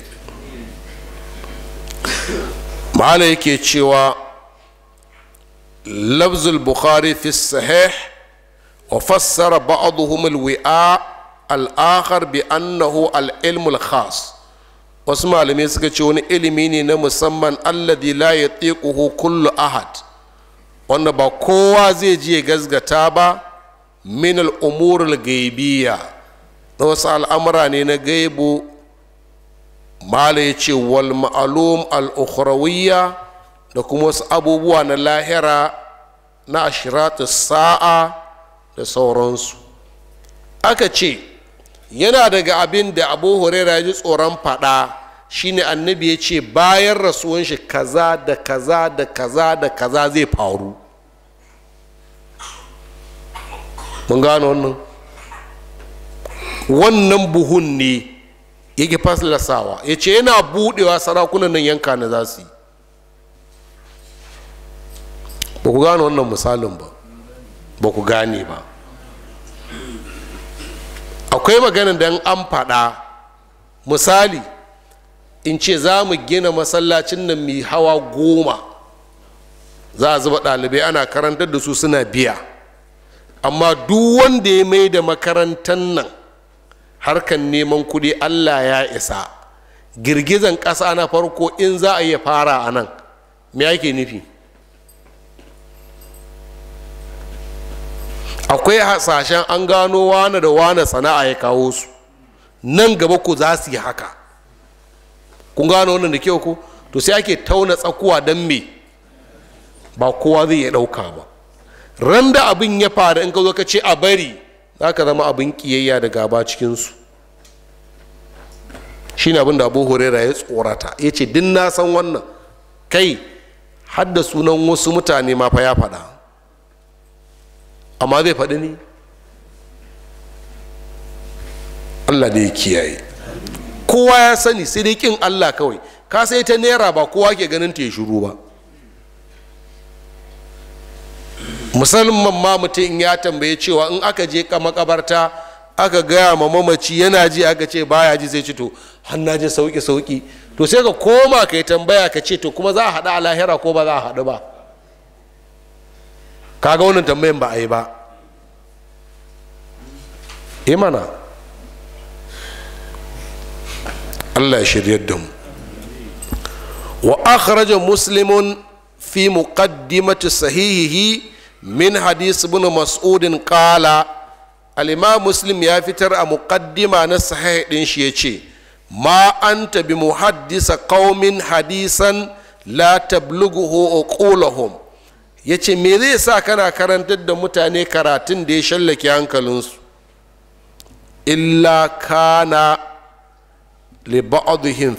ma'ala yake cewa lafzul bukhari fi sahih wa fassara ba'aduhum alwi'a al'akhar bi annahu al'ilmul khas wasu malamai suka ce wani ilimi ne na musamman alladhi la yatiquhu kullu ahad wanda ba kowa zai ji ya gazgata ba min al'umurul gaibiya na wasu al'amura ne na gaibu mala ya ce wal ma'alum da kuma wasu abubuwa na lahira na ashiratu sa'a da sauransu aka ce yana daga abin da abu huraira ya ji tsoron faɗa shine annabi ya ce bayan rasuwan shi kaza da kaza da kaza da kaza zai faru mun gano wannan wannan buhun ne yake faslasawa ya ce yana budewa sarakunan nan yanka na za su yi ba ku gano wannan misalin ba ba ku gane ba akwai maganin da an faɗa misali in ce za mu gina masallacin nan mai hawa goma za a zuba ɗalibai ana karantar da su suna biya amma duk wanda ya mai da makarantar nan harkan neman kuɗi allah ya isa girgizan ƙasa na farko in za a iya fara a nan me ake nufi akwai hasashen an gano wane da wane sana'a ya kawo su nan gaba ku za su yi haka kun gano wannan da kyau ko to sai ake tauna tsakuwa don me ba kowa zai ya ɗauka ba ran da abin ya faru in ka zo ka ce a bari za ka zama abin kiyayya da gaba cikinsu shi ne abin da abu horera ya tsorata ya ce din na san wannan kai hadda sunan wasu mutane ma fa ya faɗa amma zai faɗi ni allah ne ya kiyaye kowa ya sani sai dai kin allah kawai ka sai ta naira ba kowa ke ganin ta ya shiru ba musamman ma mutum ya tambaye cewa in aka je makabarta aka gaya ma mamaci yana ji aka ce baya ji zai ci to hannu je sauki sauki to sai ka koma ka yi tambaya ka ce to kuma za a haɗu a lahira ko ba za a haɗu ba kaga wannan tambayin ba a yi ba imana eh allah ya shirya da mu wa akhraja muslimun fi muqaddimati sahihihi min hadis ibn mas'udin qala al-imam muslim ya fitar a muqaddima na sahih din shi yace ma anta bi muhaddisa qaumin hadisan la tablughu uqulahum yace me zai sa kana karantar da mutane karatun da ya shallake hankalinsu illa kana li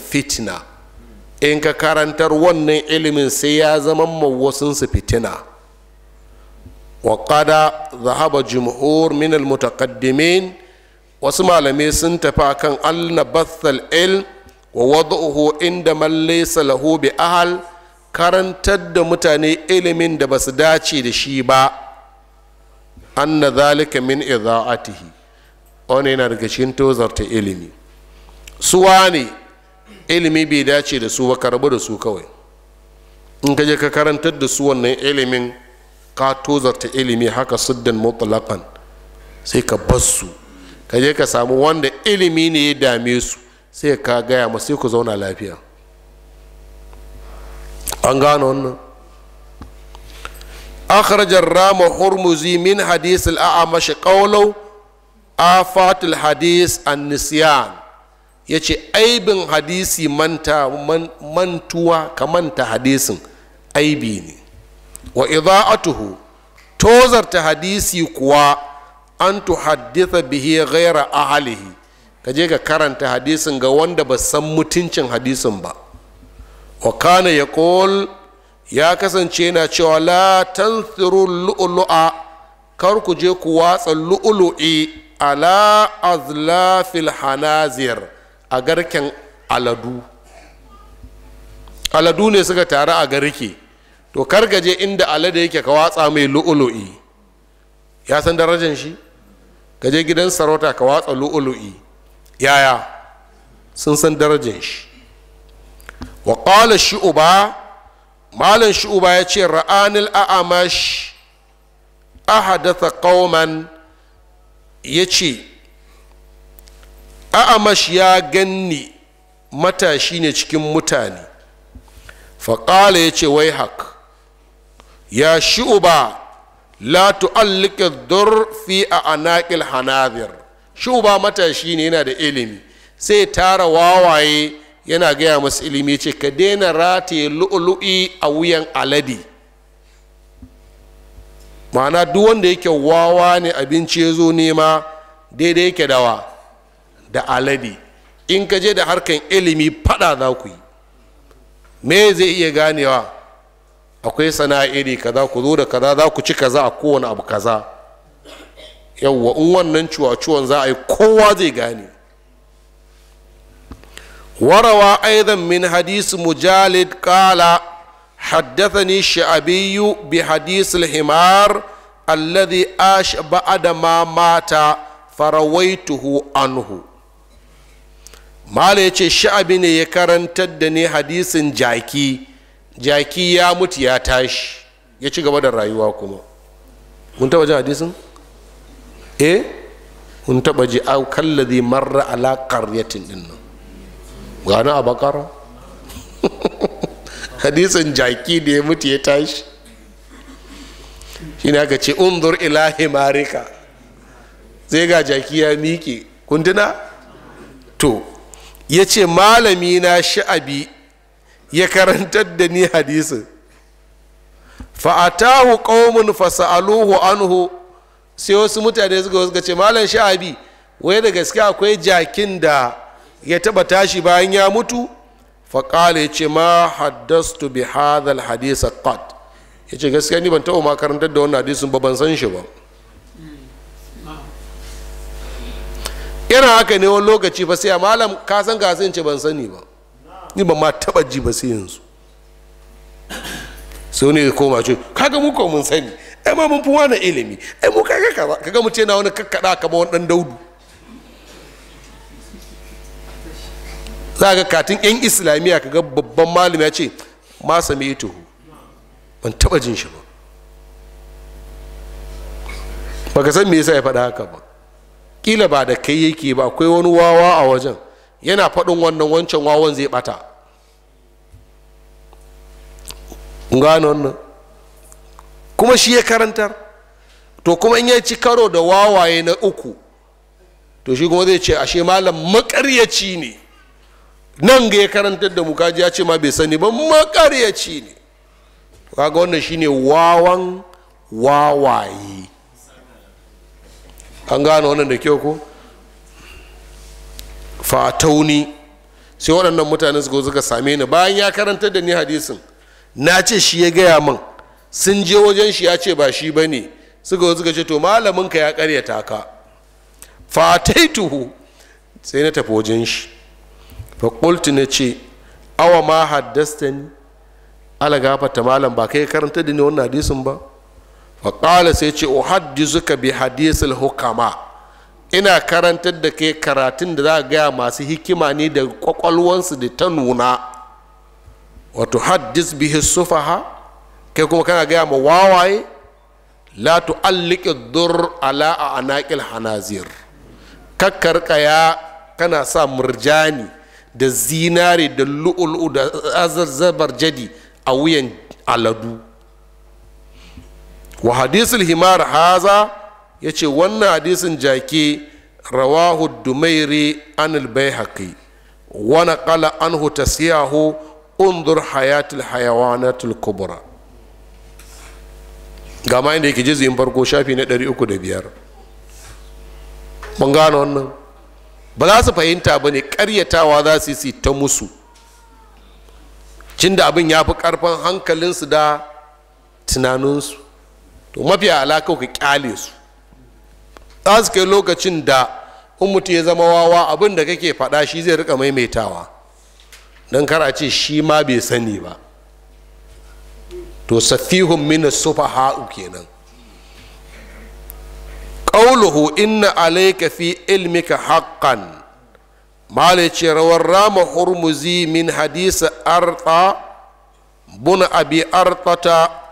fitina in ka karantar wannan ilimin sai ya zama ma fitina wa zahaba jumhur min al wasu malamai sun tafi akan al ilm wa wad'uhu inda man laysa lahu bi ahal karantar da mutane ilimin da ba su dace da shi ba anna zalika min idza'atihi wani yana daga cikin tozarta ilimi suwa ne ilimi bai dace da su ba ka rabu da su kawai in ka je ka karantar da su wannan ilimin ka tozarta ilimi haka siddin mutlaqan sai ka bar su ka je ka samu wanda ilimi ne ya dame su sai ka gaya ma sai ku zauna lafiya an gano wannan أخرج الرام هرمزي من حديث الأعمش قوله آفات الحديث النسيان ya ce aibin hadisi manta mantuwa ka manta hadisin aibi ne wa idha'atuhu tozarta hadisi kuwa an tuhaddisa bihi ghaira ahlihi ka je ka karanta hadisin ga wanda ba san mutuncin hadisin ba wa kana yaqul ya kasance na cewa la tansiru lu'lu'a kar ku je ku watsa lu'lu'i ala azlafil hanazir a garken aladu aladu ne suka taru a garke to kargaje inda alada yake ka watsa mai lu'ulu'i ya san darajar shi gaje gidan sarauta ka watsa lu'ulu'i yaya sun san darajar shi wa qala shu'ba malam shu'ba ya ce ra'anil a'amash ahadatha qauman ya ce a'amash ya ganni matashi ne cikin mutane faƙala ya ce wai hak ya shu'uba la tu'allika dur fi a anaƙil hanazir shu'uba matashi ne yana da ilimi sai tara wawaye yana gaya masu ilimi ce ka daina rataye lu'ulu'i a wuyan alade mana duk wanda yake wawa ne abinci ya zo nema daidai yake dawa da alade in ka je da harkan ilimi fada za ku yi me zai iya ganewa akwai sana'a iri kaza ku zo da kaza za ku ci kaza a kowane abu kaza yawwa in wannan ciwon za a yi kowa zai gane warawa aizan min hadisi mujalid kala bi الشعبي himar الحمار الذي أشبع ma mata farawaituhu anhu. mala ya ce sha'abi ne ya karantar da ne hadisin jaki jaki ya mutu ya tashi ya ci gaba da rayuwa kuma mun taba jin hadisin eh mun taba ji au kallazi marra ala qaryatin din nan gani a bakara [LAUGHS] hadisin jaki da ya mutu ya tashi shine aka ce unzur ila himarika sai ga jaki ya miƙe kuntuna ya ce malami na sha'abi ya karantar da ni hadisin fa'atahu qaumun fasa'aluhu anhu sai wasu mutane suka suka ce malam sha'abi wai da gaske akwai jakin da ya taba tashi bayan ya mutu faƙala ya ce ma haddastu bi hadal hadisa qad ya ce gaskiya ni ban taɓa ma karantar da wannan hadisin ba ban san shi ba irin haka ne wani lokaci ba sai a malam ka san ka ce ban sani ba ni ba ma taba ji ba sai yanzu sai wani koma ce kaga mu ko mun sani ai ma mun fi wani ilimi ai mu kaga kaza kaga mu ce na wani kakkada kamar wani dan daudu za ga katin yan islamiyya kaga babban malam ya ce ma sami tuhu ban taba jin shi ba baka san me yasa ya faɗa haka ba kila ba da kai yake ba akwai wani wawa a wajen yana faɗin wannan wancan wawan zai ɓata gano wannan kuma shi ya karantar to kuma in ya ci karo da wawaye na uku to shi kuma zai ce ashe malam makaryaci ne nan ga ya karantar da mukaji ya ce ma bai sani ba makaryaci ne kaga wannan shine wawan wawaye an gane wannan da kyau ko fatauni sai waɗannan mutane su suka same ni bayan ya karanta da ni hadisin na ce shi ya gaya min sun je wajen shi ya ce ba shi ba ne suka suka ce to malaminka ya karya karyata ka fataituhu sai na tafi wajen shi kultu na ce awa ma haddasta ni ala gafata malam ba kai karanta da ni wannan hadisin ba faƙala sai ce o suka bi hadisul hukama ina karantar da kai karatun da za a gaya masu hikima ne da kwakwalwansu da ta nuna wato haddis hissufa sufaha kai kuma kana gaya ma wawaye la allike dur ala a anaqil hanazir kakkarkaya kana sa murjani da zinare da lu'ulu da azar jadi a wuyan aladu wa hadisul himar haza ya ce wannan hadisin jaki rawahu dumairi an albayhaqi wa naqala anhu tasiyahu undur hayatul hayawanatul kubra ga ma inda yake in farko shafi na 305 mun gano wannan ba za su fahimta ba ne karyatawa za su yi ta musu cin abin ya fi ƙarfin hankalinsu da tunaninsu to mafi alaka ka kyale su za su kai lokacin da in mutum ya zama wawa abin da kake faɗa shi zai rika maimaitawa don kar a ce shi ma bai sani ba to safihun mina ha'u kenan ƙauluhu inna alaika fi ilmika haƙƙan malai ce rawar rama hurmuzi min hadisa arta buna abi artata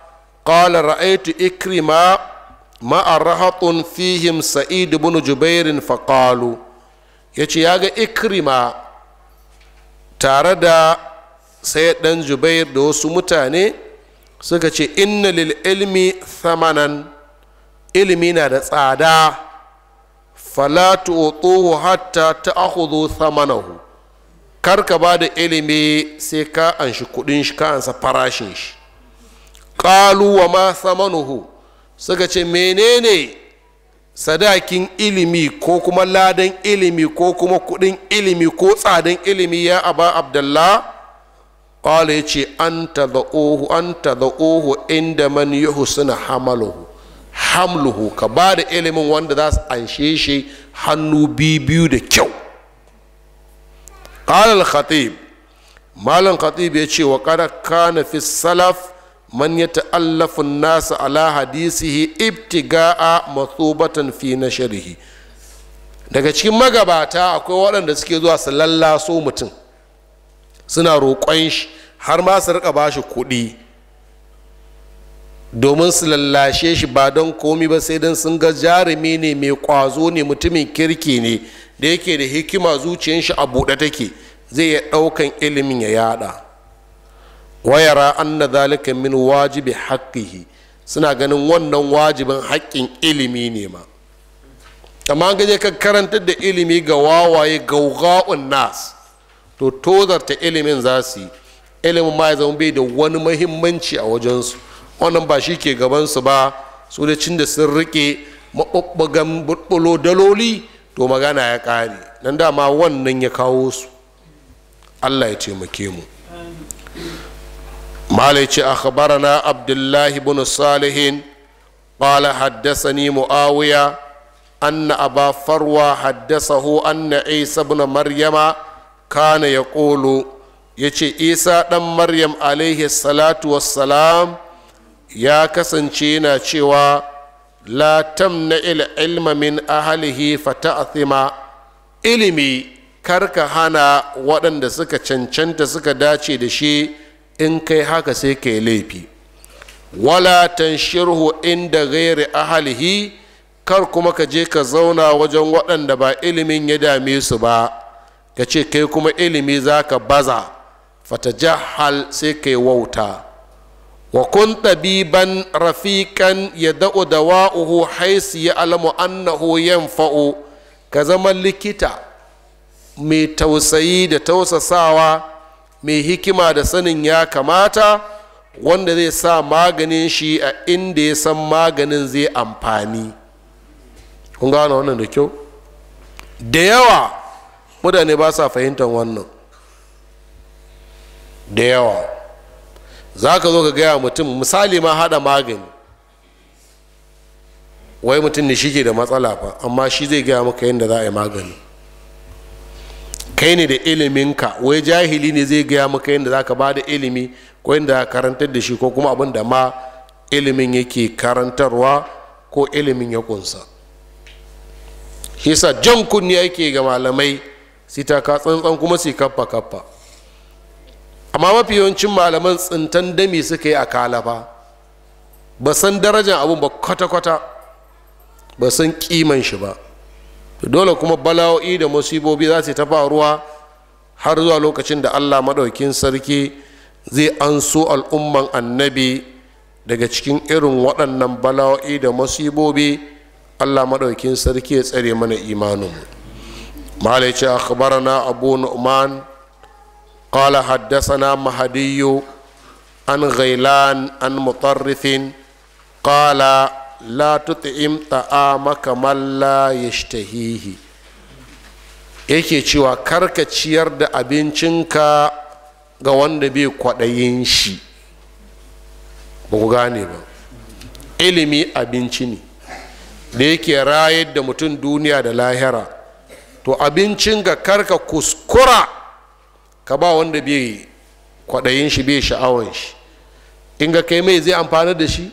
qala ra'aytu ikrima ma'a fihim sa'id ibn jubairin faqalu yace ya ga ikrima tare da sai dan jubair da wasu mutane suka ce inna lil ilmi thamanan ilmi na da tsada fala tu'tuhu hatta ta ta'khudhu thamanahu kar ka ba da ilimi sai ka anshi kuɗin shi ka ansa farashin shi qalu wa ma samanuhu suka ce menene sadakin ilimi ko kuma ladan ilimi ko kuma kudin ilimi ko tsadan ilimi ya aba abdullah qala yace anta da'uhu anta da'uhu inda man yuhsina hamaluhu hamluhu ka ba da ilimin wanda za su anshe shi hannu biyu da kyau qala al-khatib malam khatib ya ce wa kada kana fi salaf man ya ta'allafu nasa ala hadisihi ibtiga'a matsubatan fi na sharhi daga cikin magabata akwai waɗanda suke zuwa su lallaso mutum suna roƙon shi har ma su rika ba shi kuɗi domin su lallashe shi ba don komi ba sai don sun ga jarumi ne mai ƙwazo ne mutumin kirki ne da yake da hikima zuciyar shi a buɗe take zai iya ɗaukan ilimin ya yada wayara an na zalika min wajibi haƙihi suna ganin wannan wajibin haƙƙin ilimi ne ma amma an gaje ka karanta da ilimi ga wawaye gauga'un nas to tozarta ilimin za su yi ilimin ma ya zama bai da wani mahimmanci a wajensu wannan ba shi ke gabansu ba su da cin da sun riƙe maɓuɓɓugan bulbulo daloli to magana ya ƙare nan dama wannan ya kawo su allah ya taimake mu malai ce abdullahi bin salihin qala haddathani muawiya anna abafarwa haddasa haddathahu anna isa ibn maryama kana yaqulu yace isa dan maryam alaihi salatu wassalam ya kasance yana cewa la tamna il ilma min ahalihi fata'thima ilimi kar ka hana waɗanda suka cancanta suka dace da shi in kai haka sai kai laifi wala tanshirhu inda ghairi ahalihi kar kuma ka je ka zauna wajen waɗanda ba ilimin ya dame su ba ka ce kai kuma ilimi za ka baza fatajahal sai kai wauta wa kun tabiban rafiƙan ya da'u dawa'uhu haisi ya alamu annahu yanfa'u ka zama likita mai tausayi da tausasawa mai hikima da sanin ya kamata wanda zai sa maganin shi a inda ya san maganin zai amfani kun gano wannan da kyau da yawa mutane ba sa fahimtar wannan da yawa za ka zo ka gaya mutum misali ma hada magani wai mutum ne shi ke da matsala ba amma shi zai gaya maka yadda za a yi magani kai ne da iliminka wai jahili ne zai gaya maka yadda za ka ba da ilimi ko yadda karantar da shi ko kuma abin da ma ilimin yake karantarwa ko ilimin ya kunsa hisa jan kunni yake ga malamai sita ka tsantsan kuma sai kaffa kaffa amma mafi yawancin malaman tsintan dami suka yi a kalafa ba san darajar abun ba kwata-kwata ba san kiman shi ba dole kuma bala'o'i da musibobi za su ta faruwa har zuwa lokacin da allah maɗaukin sarki zai an al'umman annabi daga cikin irin waɗannan bala'o'i da musibobi allah maɗaukin sarki ya tsare mana imaninmu malaici akhbarana abu nu'man قال حدثنا mahadiyu an ghailan an mutarrifin قال la tut'im ta'amaka man la yashtahihi yake cewa karka ciyar da abincinka ga wanda bai kwadayin shi ba ku gane ba ilimi abinci ne da yake rayar da mutum duniya da lahira to abincin ga karka kuskura ka ba wanda bai kwaɗayin shi bai sha'awan shi in ga kai mai zai amfana da shi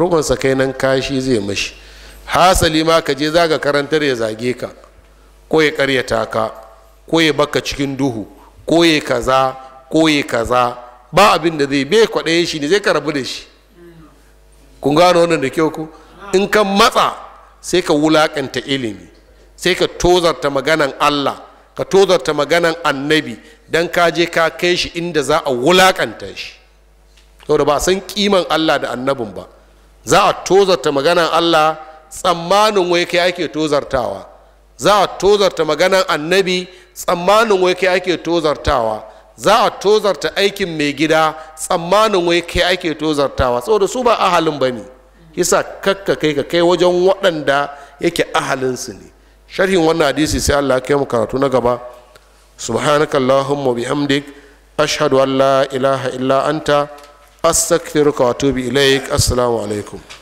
rukunsa kai nan kashi zai mashi hasali ma ka je za ka karantar ya zage ka ko ya karyata ka ko ya baka cikin duhu ko ya kaza ko ya kaza ba abin da zai bai kwaɗayin shi ne zai ka rabu da shi kun gano wannan da kyau ku in ka matsa sai ka wulakanta ilimi sai ka tozarta maganan allah ka tozarta maganan annabi don ka je ka kai shi inda za a wulaƙanta shi saboda ba san kiman allah da annabin ba za a tozarta maganan allah tsammanin wai kai ake tozartawa za a tozarta maganan annabi tsammanin wai kai ake tozartawa za a tozarta aikin mai gida tsammanin wai kai ake tozartawa saboda su ba ahalin ba ne kisa kakka kai ka kai wajen waɗanda yake ahalinsu ne sharhin wannan hadisi sai allah kai mu karatu na gaba subhanakallahumma bihamdik ashhadu an la ilaha illa anta astaghfiruka wa atubu ilaik assalamu alaikum